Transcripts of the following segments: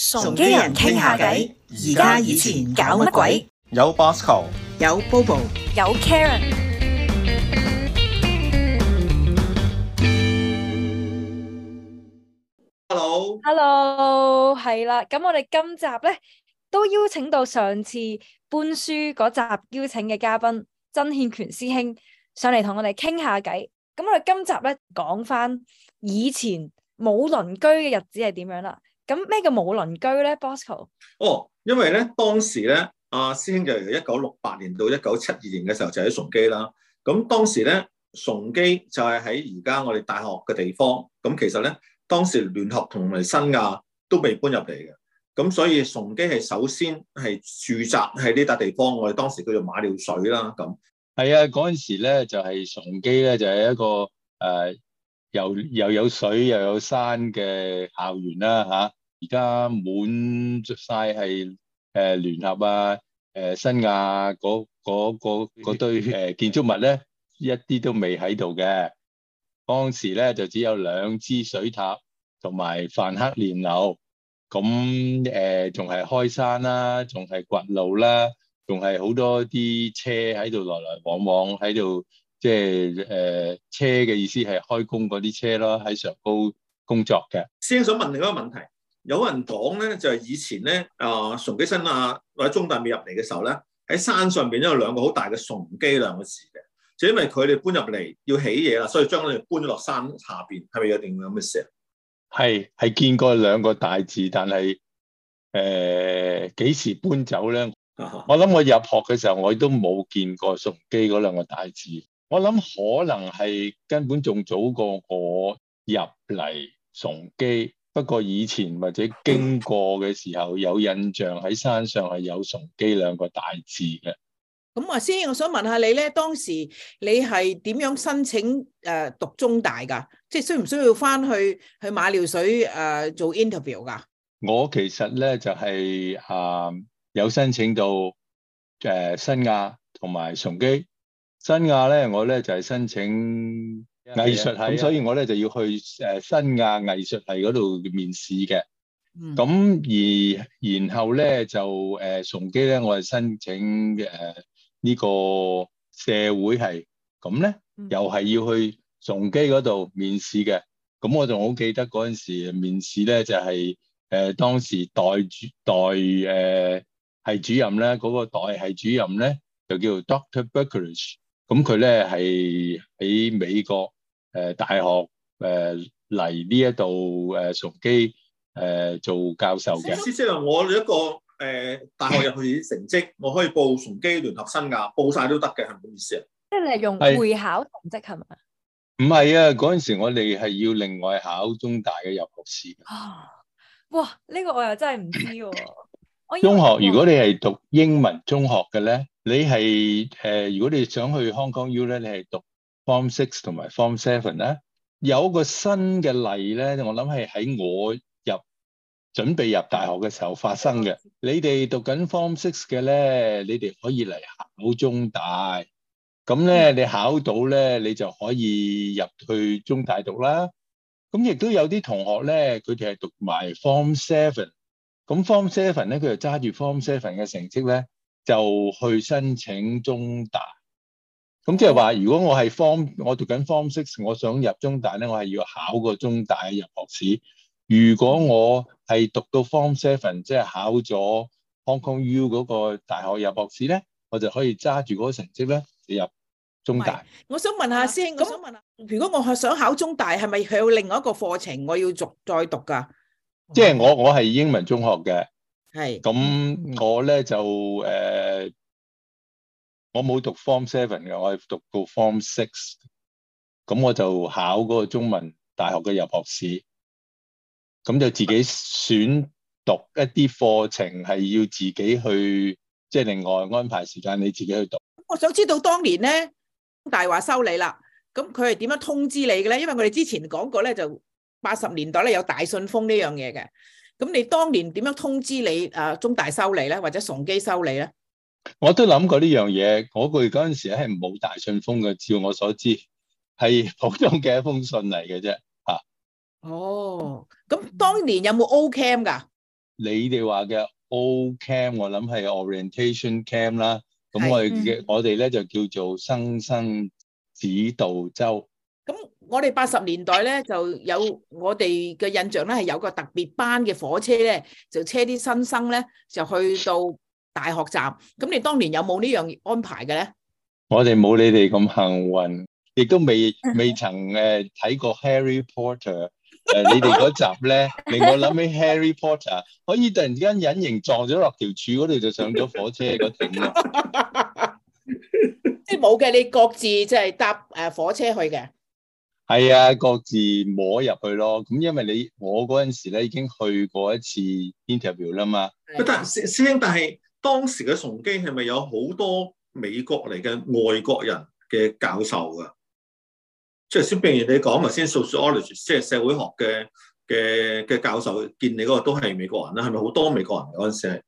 崇基人傾下偈。而家以前搞乜鬼？有 Bosco，有 Bobo，有 Karen。Hello，Hello，係 Hello，啦。咁我哋今集咧都邀請到上次搬書嗰集邀請嘅嘉賓曾憲權師兄上嚟同我哋傾下偈。咁我哋今集咧講返以前冇鄰居嘅日子係點樣啦。咁咩叫冇鄰居咧，Bosco？哦，因為咧當時咧，阿、啊、師兄就由一九六八年到一九七二年嘅時候就喺崇基啦。咁當時咧崇基就係喺而家我哋大學嘅地方。咁其實咧當時聯合同埋新亞都未搬入嚟嘅。咁所以崇基係首先係住宅喺呢笪地方。我哋當時叫做馬料水啦。咁係啊，嗰陣時咧就係、是、崇基咧就係、是、一個誒、呃、又又有水又有山嘅校園啦、啊、嚇。啊。而家滿晒係誒聯合啊，誒新亞嗰嗰嗰嗰堆誒建築物咧，一啲都未喺度嘅。當時咧就只有兩支水塔同埋范克廉樓，咁誒仲係開山啦，仲係掘路啦，仲係好多啲車喺度來來往往喺度，即係誒車嘅意思係開工嗰啲車咯，喺上高工作嘅。先生，想問你個問題。有人講咧，就係、是、以前咧，啊、呃，崇基新亞或者中大未入嚟嘅時候咧，喺山上邊都有兩個好大嘅崇基兩個字嘅。就因為佢哋搬入嚟要起嘢啦，所以將佢哋搬咗落山下邊，係咪有定咁嘅事啊？係係見過兩個大字，但係誒幾時搬走咧？Uh-huh. 我諗我入學嘅時候，我亦都冇見過崇基嗰兩個大字。我諗可能係根本仲早過我入嚟崇基。不過以前或者經過嘅時候、嗯、有印象喺山上係有崇基兩個大字嘅。咁、嗯、阿先，我想問下你咧，當時你係點樣申請誒、呃、讀中大噶？即係需唔需要翻去去馬料水誒、呃、做 interview 噶？我其實咧就係、是呃、有申請到誒、呃、新亞同埋崇基。新亞咧，我咧就係、是、申請。藝術系，咁、yeah, yeah, yeah, yeah. 所以我咧就要去誒新亞藝術系嗰度面試嘅，咁、mm -hmm. 而然後咧就誒崇、呃、基咧，我係申請嘅呢、呃這個社會系，咁咧、mm -hmm. 又係要去崇基嗰度面試嘅，咁我仲好記得嗰陣時面試咧就係、是、誒、呃、當時代主代誒係、呃、主任咧，嗰、那個代系主任咧就叫 Dr. Berkeley，e 咁佢咧係喺美國。誒、呃，大學誒嚟呢一度誒崇基誒、呃、做教授嘅，思，即係我一、這個誒、呃、大學入去啲成績，我可以報崇基聯合新亞，報晒都得嘅，係唔好意思啊。即係用會考同績係嘛？唔係啊，嗰陣時候我哋係要另外考中大嘅入學試、哦。哇，呢、這個我又真係唔知喎、啊。 中學如果你係讀英文中學嘅咧，你係誒、呃，如果你想去香港 U 咧，你係讀。Form six 同埋 Form seven 咧，有一個新嘅例咧，我諗係喺我入準備入大學嘅時候發生嘅。你哋讀緊 Form six 嘅咧，你哋可以嚟考中大。咁咧，你考到咧，你就可以入去中大讀啦。咁亦都有啲同學咧，佢哋係讀埋 Form seven。咁 Form seven 咧，佢就揸住 Form seven 嘅成績咧，就去申請中大。咁即係話，如果我係 form，我讀緊 form six，我想入中大咧，我係要考個中大入學試。如果我係讀到 form seven，即係考咗 Hong Kong U 嗰個大學入學試咧，我就可以揸住嗰個成績咧入中大。我想問下師兄，我想問下我想問下，如果我係想考中大，係咪佢有另外一個課程我要續再讀㗎？即係我我係英文中學嘅，係咁我咧就誒。呃我冇讀 Form Seven 嘅，我係讀到 Form Six，咁我就考嗰個中文大學嘅入學試，咁就自己選讀一啲課程，係要自己去，即係另外安排時間，你自己去讀。我想知道當年咧，中大話收你啦，咁佢係點樣通知你嘅咧？因為我哋之前講過咧，就八十年代咧有大信封呢樣嘢嘅，咁你當年點樣通知你啊？中大收你咧，或者崇基收你咧？我都諗過呢樣嘢，嗰句嗰陣時咧係冇大信封嘅，照我所知係普通嘅一封信嚟嘅啫。吓，哦，咁當年有冇 O Camp 噶？你哋話嘅 O Camp，我諗係 Orientation Camp 啦。咁我哋嘅我哋咧就叫做新生指導周。咁我哋八十年代咧就有我哋嘅印象咧，係有個特別班嘅火車咧，就車啲新生咧就去到大學站，咁你當年有冇呢樣安排嘅咧？我哋冇你哋咁幸運，亦都未未曾誒睇過 Harry Potter。誒，你哋嗰集咧令我諗起 Harry Potter 可以突然之間隱形撞咗落條柱嗰度就上咗火車嗰停啦。即係冇嘅，你各自即係搭誒火車去嘅。係啊，各自摸入去咯。咁因為你我嗰陣時咧已經去過一次 interview 啦嘛。但係師兄，但係。當時嘅崇基係咪有好多美國嚟嘅外國人嘅教授㗎？即係先，譬如你講啊，先數學 college，即係社會學嘅嘅嘅教授，見你嗰個都係美國人啦，係咪好多美國人嗰陣時？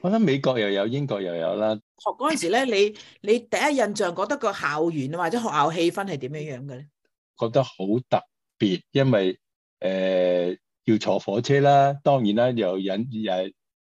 我覺得美國又有，英國又有啦。學嗰陣時咧，你你第一印象覺得個校園或者學校氣氛係點樣樣嘅咧？覺得好特別，因為誒、呃、要坐火車啦，當然啦，又引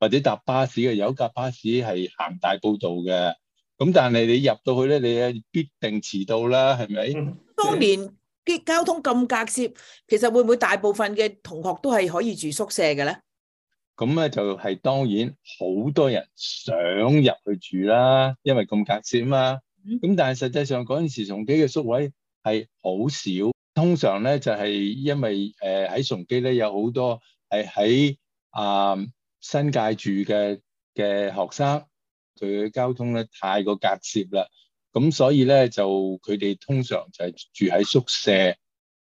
或者搭巴士嘅，有架巴士係行大埔道嘅。咁但係你入到去咧，你啊必定遲到啦，係咪？當年啲交通咁隔涉，其實會唔會大部分嘅同學都係可以住宿舍嘅咧？咁咧就係當然，好多人想入去住啦，因為咁隔涉啊嘛。咁但係實際上嗰陣時，崇基嘅宿位係好少，通常咧就係因為誒喺崇基咧有好多係喺啊。新界住嘅嘅學生，佢嘅交通咧太過隔涉啦，咁所以咧就佢哋通常就係住喺宿舍，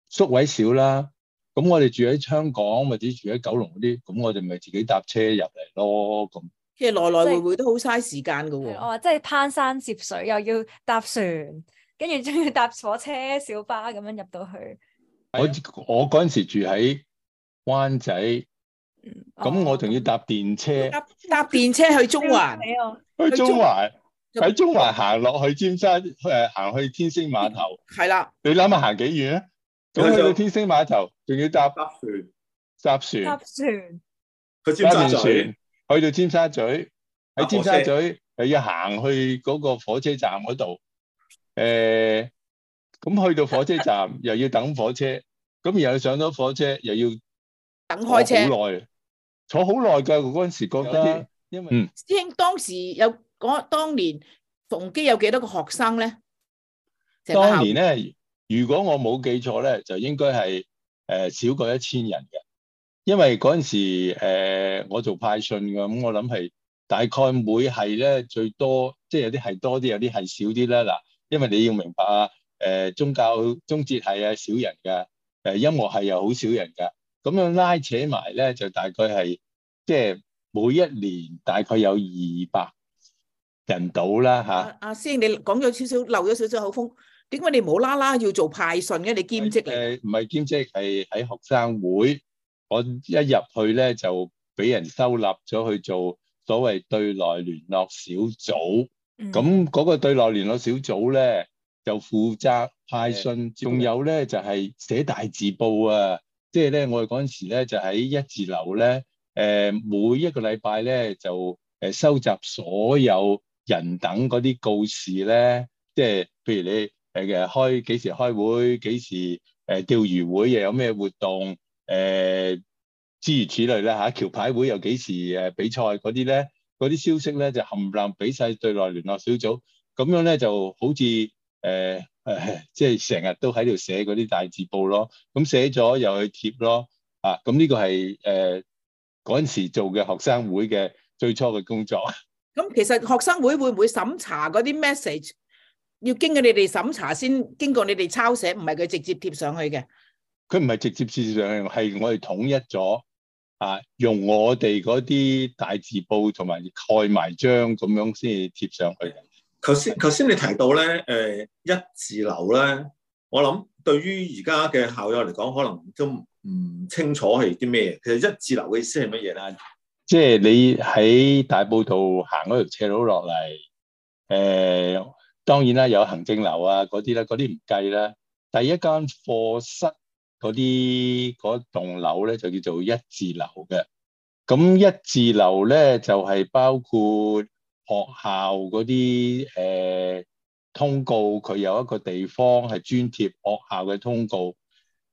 宿位少啦。咁我哋住喺香港，或者住喺九龍嗰啲，咁我哋咪自己搭車入嚟咯。咁即係來來回回都好嘥時間噶。我即係攀山涉水，又要搭船，跟住仲要搭火車、小巴咁樣入到去。我我嗰陣時住喺灣仔。咁我仲要搭電車，啊、搭搭電車去中環，去中環喺中環行落去尖沙，誒、呃，行去天星碼頭，係啦。你諗下行幾遠咧？咁去到天星碼頭，仲要搭，搭船，搭船，搭船。搭船去尖沙咀，去到尖沙咀，喺尖沙咀又要行去嗰個火車站嗰度，誒、呃，咁去到火車站又要等火車，咁然後上咗火車又要。等開車，坐好耐，坐好耐噶，嗰陣時覺得，因為師兄當時有當年崇基有幾多個學生咧？當年咧，如果我冇記錯咧，就應該係誒少過一千人嘅，因為嗰陣時誒、呃、我做派信，咁我諗係大概每係咧最多，即係有啲係多啲，有啲係少啲啦。嗱，因為你要明白啊，誒、呃、宗教宗節、呃、係啊少人噶，誒音樂係又好少人噶。咁樣拉扯埋咧，就大概係即係每一年大概有二百人到啦吓。阿師兄，你講咗少少，漏咗少少口風。點解你無啦啦要做派信嘅？你兼職嚟？唔係兼職，係喺學生會。我一入去咧就俾人收納咗去做所謂對內聯絡小組。咁嗰個對內聯絡小組咧，就負責派信，仲有咧就係寫大字報啊！即係咧，我哋嗰陣時咧就喺一字樓咧，誒每一個禮拜咧就誒收集所有人等嗰啲告示咧，即係譬如你誒嘅開幾時開會，幾時誒釣魚會又有咩活動，誒諸如此類啦嚇，橋牌會又幾時誒比賽嗰啲咧，嗰啲消息咧就冚 𠾴 唥俾曬對內聯絡小組，咁樣咧就好似。誒、呃、誒，即係成日都喺度寫嗰啲大字報咯，咁寫咗又去貼咯，啊，咁呢個係誒嗰陣時做嘅學生會嘅最初嘅工作。咁其實學生會會唔會審查嗰啲 message？要經過你哋審查先，經過你哋抄寫，唔係佢直接貼上去嘅。佢唔係直接貼上去，係我哋統一咗啊，用我哋嗰啲大字報同埋蓋埋章咁樣先至貼上去。頭先頭先你提到咧，誒一字樓咧，我諗對於而家嘅校友嚟講，可能都唔清楚係啲咩。其實一字樓嘅意思係乜嘢咧？即係你喺大埔道行嗰條斜路落嚟，誒當然啦，有行政樓啊嗰啲啦，嗰啲唔計啦。第一間課室嗰啲嗰棟樓咧，就叫做一字樓嘅。咁一字樓咧，就係包括，學校嗰啲誒通告，佢有一個地方係專貼學校嘅通告。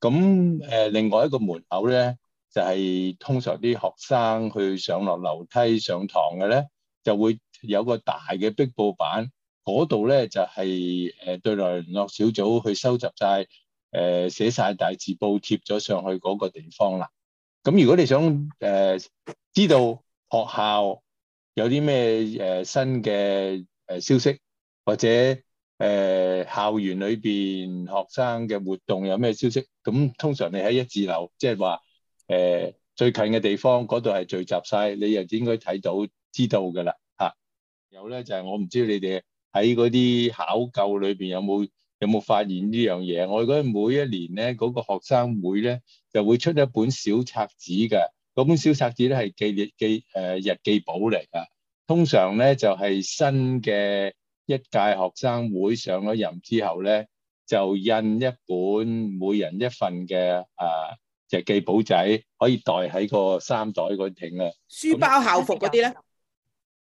咁誒、呃，另外一個門口咧，就係、是、通常啲學生去上落樓梯上堂嘅咧，就會有一個大嘅壁報板，嗰度咧就係、是、誒對來聯絡小組去收集晒，誒、呃、寫晒大字報貼咗上去嗰個地方啦。咁如果你想誒、呃、知道學校，有啲咩誒新嘅誒消息，或者誒、呃、校園裏邊學生嘅活動有咩消息？咁通常你喺一字樓，即係話誒最近嘅地方嗰度係聚集晒，你又應該睇到知道㗎啦嚇。有咧就係我唔知你哋喺嗰啲考究裏邊有冇有冇發現呢樣嘢？我覺得每一年咧，嗰、嗰個學生會咧就會出一本小冊子嘅。嗰本小冊子咧係記列記誒日記簿嚟㗎，通常咧就係新嘅一屆學生會上咗任之後咧，就印一本每人一份嘅誒日記簿仔，可以袋喺個衫袋嗰停啊。書包校服嗰啲咧，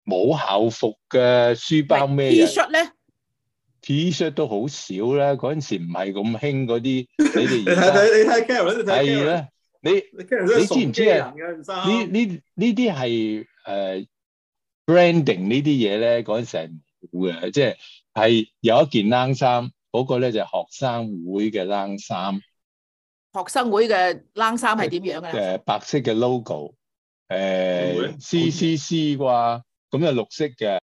冇校服嘅書包咩啊？T-shirt 咧？T-shirt 都好少啦，嗰陣時唔係咁興嗰啲。你睇睇，你睇 Carol，你睇 Carol。你你知唔知啊？呃、呢呢呢啲係誒 branding 呢啲嘢咧，嗰陣時係冇嘅，即係係有一件冷衫，嗰、嗰個咧就係、學生會嘅冷衫。學生會嘅冷衫係點樣嘅？誒、呃，白色嘅 logo，誒，C C C 啩，咁、嗯、就、嗯、綠色嘅。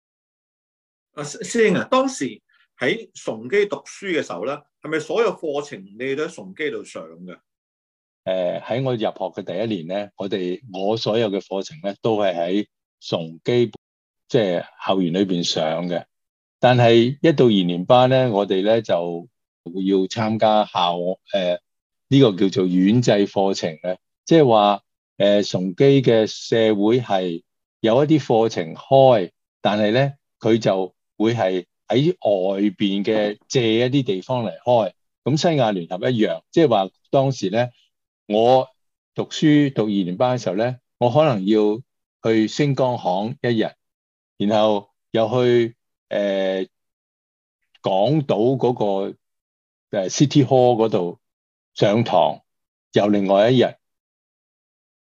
阿師兄啊，當時喺崇基讀書嘅時候咧，係咪所有課程你都喺崇基度上嘅？誒、呃、喺我入學嘅第一年咧，我哋我所有嘅課程咧都係喺崇基即係、就是、校園裏邊上嘅。但係一到二年班咧，我哋咧就要參加校誒呢、呃這個叫做院制課程咧，即係話誒崇基嘅社會係有一啲課程開，但係咧佢就會係喺外邊嘅借一啲地方嚟開。咁新亞聯合一樣，即係話當時咧。我讀書讀二年班嘅時候咧，我可能要去星光行一日，然後又去誒、呃、港島嗰個誒 City Hall 嗰度上堂，又另外一日。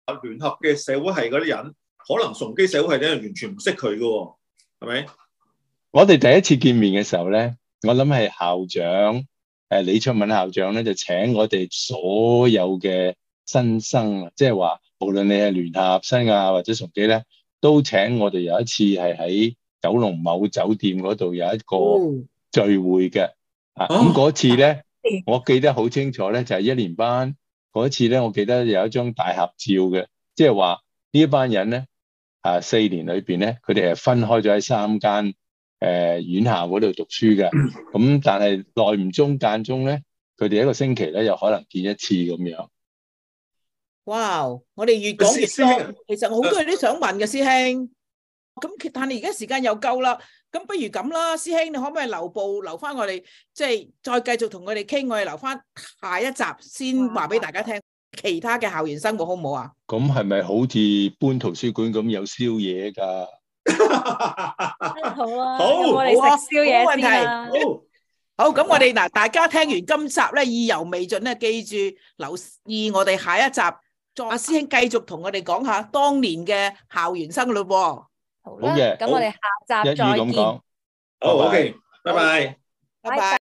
啊，聯合嘅社會系嗰啲人，可能崇基社會系啲人完全唔識佢噶、哦，係咪？我哋第一次見面嘅時候咧，我諗係校長。誒，李卓敏校長咧就請我哋所有嘅新生，即係話無論你係聯合生啊或者崇基咧，都請我哋有一次係喺九龍某酒店嗰度有一個聚會嘅、嗯。啊，咁、嗯、嗰次咧、哦，我記得好清楚咧，就係、是、一年班嗰次咧，我記得有一張大合照嘅，即係話呢一班人咧，啊四年裏邊咧，佢哋係分開咗喺三間。誒，院校嗰度讀書嘅，咁但係內耐唔中間中咧，佢哋一個星期咧又可能見一次咁樣。哇！我哋越講越多，其實我好多嘢都想問嘅，師兄。咁但係而家時間又夠啦，咁不如咁啦，師兄你可唔可以留步，留翻我哋即係再繼續同佢哋傾，我哋留翻下一集先話俾大家聽其他嘅校園生活，好唔好啊？咁係咪好似搬圖書館咁有宵夜噶？好啊，好，好啊，冇問題。好，好咁我哋嗱，大家聽完今集咧，意猶未盡咧，記住留意我哋下一集。再阿師兄繼續同我哋講下當年嘅校園生活咯。好啦，咁我哋下集再見。好，OK，拜拜，拜拜。